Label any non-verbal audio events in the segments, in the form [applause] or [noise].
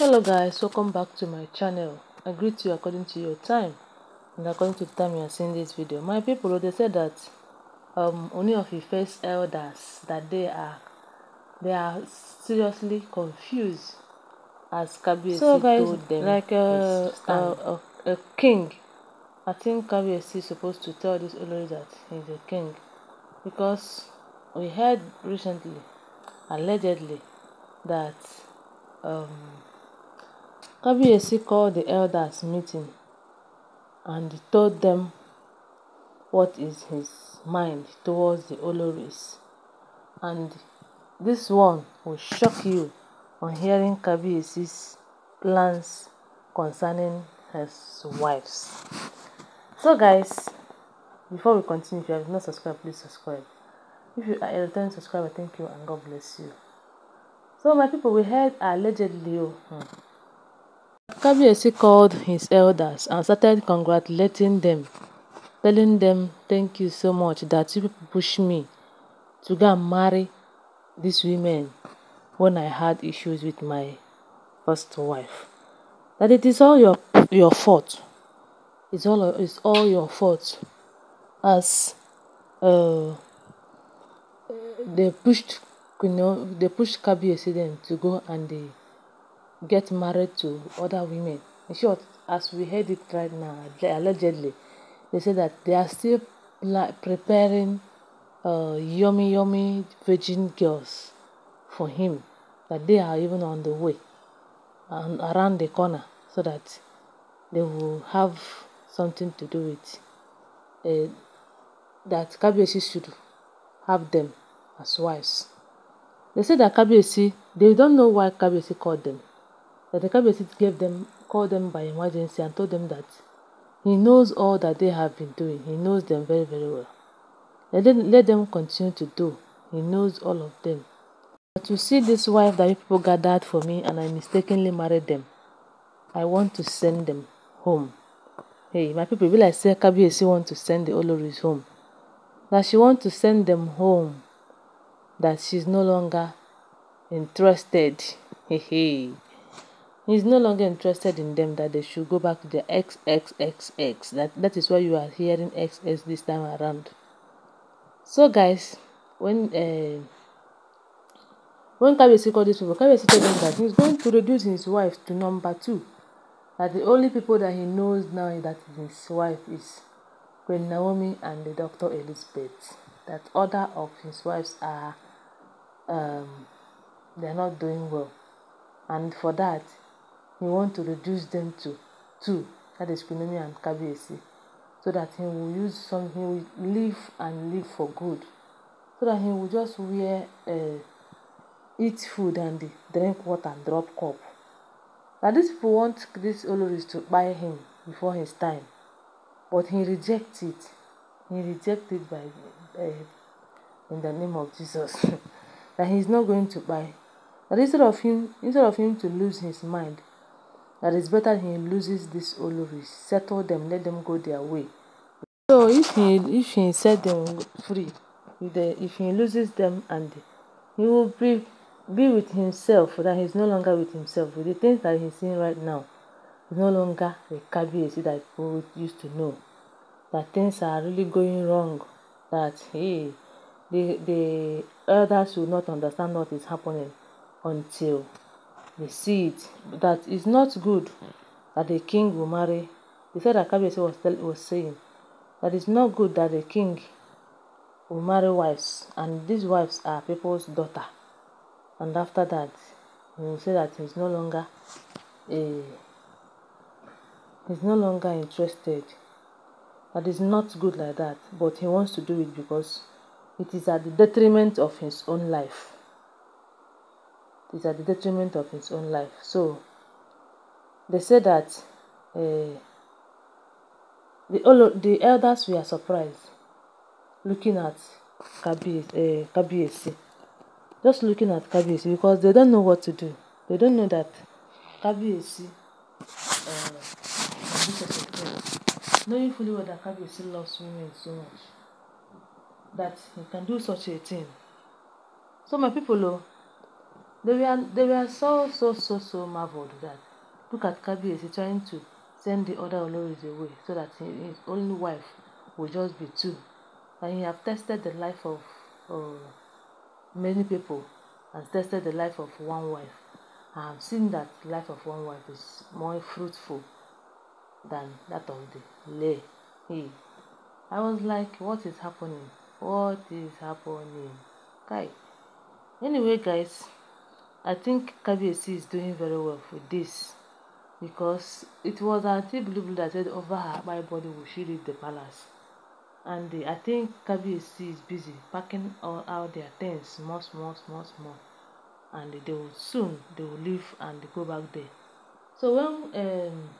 hello guys welcome back to my channel i greet you according to your time and according to the time you are seeing this video my people they said that um only of the first elders that they are they are seriously confused as Kabiesi so guys, told them like a, a, a, a king i think Kabiesi is supposed to tell this Olori that he's a king because we heard recently allegedly that um Kabiyesi called the elders meeting and told them what is his mind towards the Oloris and this one will shock you on hearing Kabiyesi's plans concerning his wives. So guys, before we continue, if you have not subscribed, please subscribe. If you are a returning subscriber, thank you and God bless you. So my people, we heard allegedly, oh, hmm. Kabiyesi called his elders and started congratulating them, telling them “thank you so much that you pushed me to go and marry these women when I had issues with my first wife, that it is all your your fault, it's all, it's all your fault as uh, they pushed you know, they pushed Kabiyesi then to go and they get married to other women. In short, as we heard it right now, allegedly, they say that they are still preparing uh, yummy, yummy virgin girls for him, that they are even on the way and around the corner so that they will have something to do with uh, that Kabiyesi should have them as wives. They said that Kabiyesi, they don't know why Kabiyesi called them Dr. Kabiyesi gave them, called them by emergency and told them that he knows all that they have been doing. He knows them very, very well. Let them, let them continue to do. He knows all of them. But you see this wife that people gathered for me and I mistakenly married them. I want to send them home. Hey, my people, will I say Kabiyesi want to send the Oloris home. That she want to send them home. That she's no longer interested. Hey, hey. He is no longer interested in them that they should go back to their XXXX. That, that is why you are hearing XX this time around. So, guys, when uh, when Kabesi called these people, Kabesi told them that he's going to reduce his wife to number two. That the only people that he knows now that his wife is Queen Naomi and the Doctor Elizabeth. That other of his wives are um, they're not doing well, and for that we want to reduce them to two, that is Kunomi and Kabiyesi, so that he will use some, he will live and live for good, so that he will just wear, uh, eat food and drink water and drop cup. Now these people want these Oloris to buy him before his time, but he rejects it. He rejects it by, uh, in the name of Jesus, [laughs] that he is not going to buy. But instead of him, instead of him to lose his mind, that it's better he loses this Olori, settle them, let them go their way. So if he if he set them free, if, he loses them and he will be be with himself, that he's no longer with himself, with the things that he's seeing right now. He's no longer the Kabiyesi that people used to know. That things are really going wrong. That hey, the the elders will not understand what is happening until we see it that it's not good that the king will marry. They said that Kabiyesi was, tell, was saying that it's not good that the king will marry wives, and these wives are people's daughter. And after that, we will say that he's no longer a he's no longer interested. That is not good like that, but he wants to do it because it is at the detriment of his own life is at the detriment of his own life. So they say that uh, the, all the elders were surprised looking at eh, Kabiesi, uh, Just looking at Kabiesi because they don't know what to do. They don't know that Kabiesi uh, Knowing fully well that Kabiesi loves women so much that he can do such a thing. So my people, oh, they were, they were so, so, so, so marveled that look at is trying to send the other Oloris away so that his only wife will just be two. And he have tested the life of uh, many people and tested the life of one wife. I have seen that life of one wife is more fruitful than that of the lay. Hey. I was like, what is happening? What is happening? Guy. Anyway, guys. I think KBC is doing very well for this because it was Aunty Bilibili that said over her my body will she leave the palace. And I think KBC is busy packing all out their things small, small, small, small. And they will soon they will leave and go back there. So when um,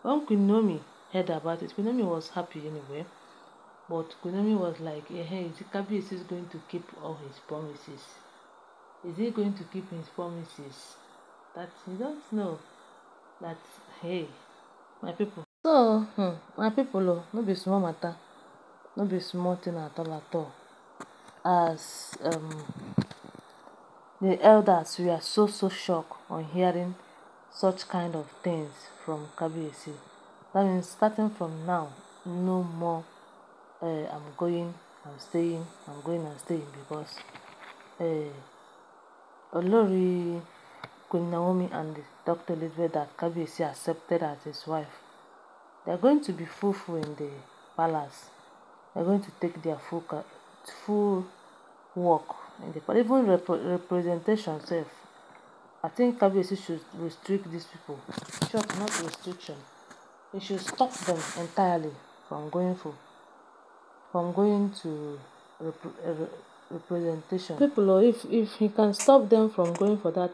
when Kunomi heard about it, Kunomi was happy anyway. But Kunomi was like, hey, hey, KBC is going to keep all his promises. Is he going to keep his promises? That you don't know. That, hey, my people. So, hmm, my people, oh, no be small matter. No be small thing at all at all. As um, the elders, we are so, so shocked on hearing such kind of things from Kabiyesi. That means starting from now, no more uh, I'm going, I'm staying, I'm going and staying because uh, Olori Queen Naomi and Dr. Elizabeth that Kabiyesi accepted as his wife. They are going to be full-full in the palace. They are going to take their full, full work in the palace. Even rep representation sef. I think Kabiyesi should restrict these people. Sure, not restriction. He should stop them entirely from going for, from going to rep, rep representation. People, or oh, if if he can stop them from going for that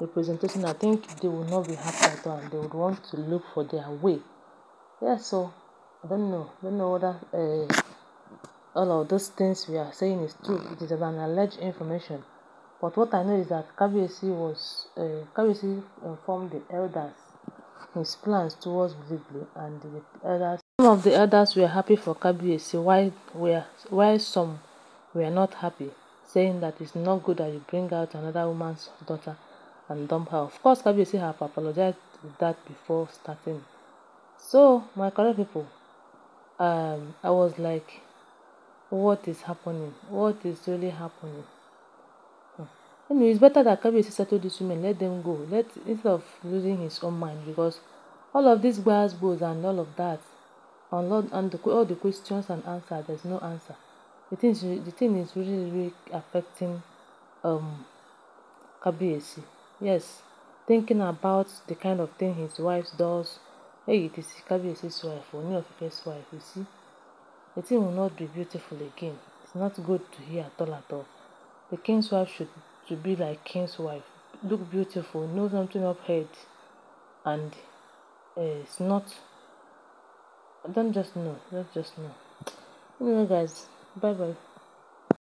representation, I think they will not be happy at all, they would want to look for their way. Yeah, so I don't know, I don't know whether uh, all of those things we are saying is true. It is an alleged information. But what I know is that KBC was uh, eh, KBC informed the elders his plans towards Bibli and the elders. Some of the elders were happy for KBC, while, while some we are not happy, saying that it's not good that you bring out another woman's daughter and dump her. Of course, Kabiyesi have apologized with that before starting. So, my correct people, um, I was like, what is happening? What is really happening? Hmm. Anyway, it's better that Kabiyesi settle these women, let them go, let instead of losing his own mind because all of these glass bowls and all of that, and all the, all the questions and answers, there's no answer. the thing is the thing is really really affecting um Kabiyesi. Yes, thinking about the kind of thing his wife does. Hey, it is Kabiyesi's wife, Ooni of Ife's wife, you see. The thing will not be beautiful again. It's not good to hear at all at all. The king's wife should to be like king's wife. Look beautiful, know something up head and uh, eh, it's not don't just know, don't just know. Anyway guys, Bye bye.